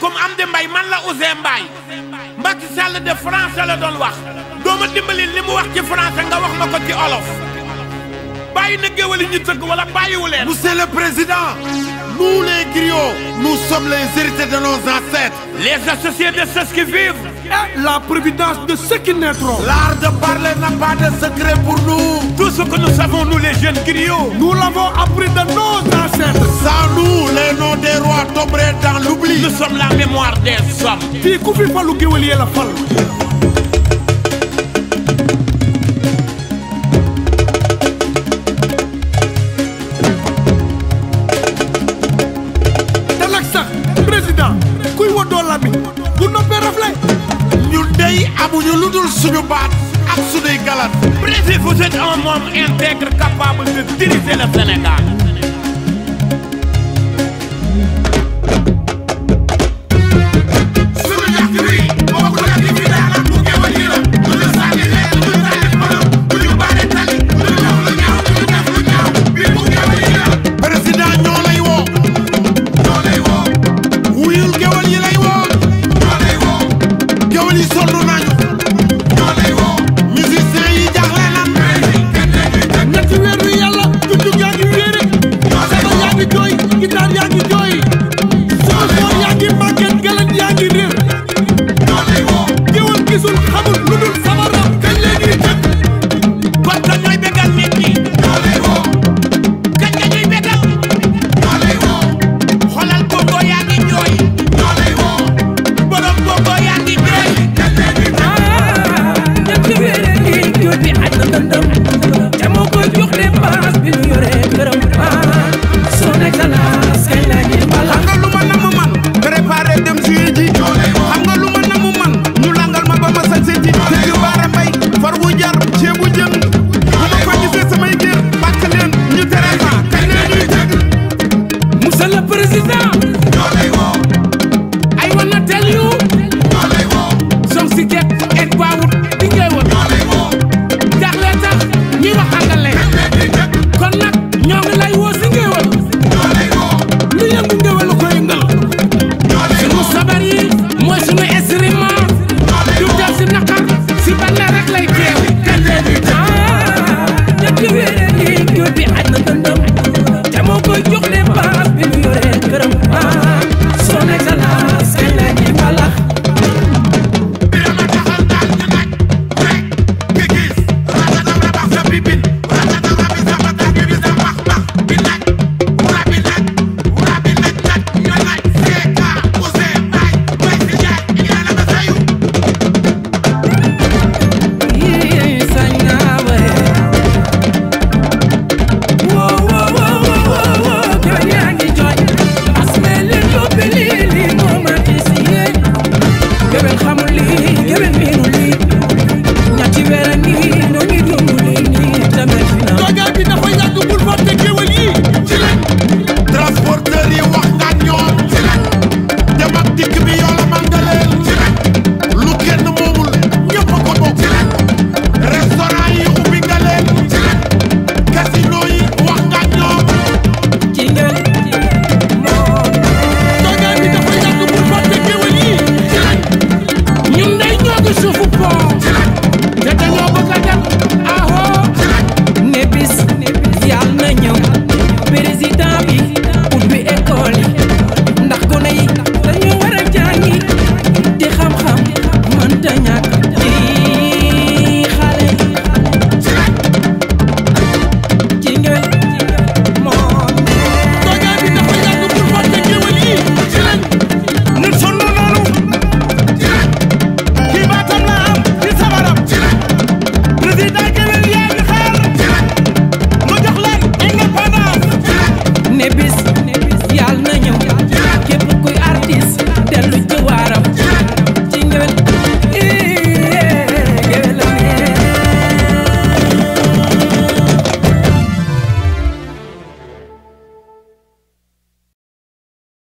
comme Amde Mbaye man la Ouzin Mbaye de France, la doon wax le ma dimbali li mu wax nga ma ki olof ne wala le président nous les griots nous sommes les héritiers de nos ancêtres. les associés de ceux qui vivent. la providence de ceux qui naîtront. l'art de parler n'a pas de secret pour nous. tout ce que nous savons nous les jeunes griots. nous l'avons appris de nos ancêtres. ancêtres. Sans nous, les noms des rois tomberaient dans l'oubli. Nous sommes la mémoire des hommes. fii ku fi falu géwél yee la fal. dalak sax président kuy woddoo la bi bu noppee rafle. ñun dey amuñu lu dul suñu baat. ak suñuy galan. Bref, vous êtes un homme intègre capable de Police on ci wéer yi ñu bi ànd dëndam te moo koy jox Nibis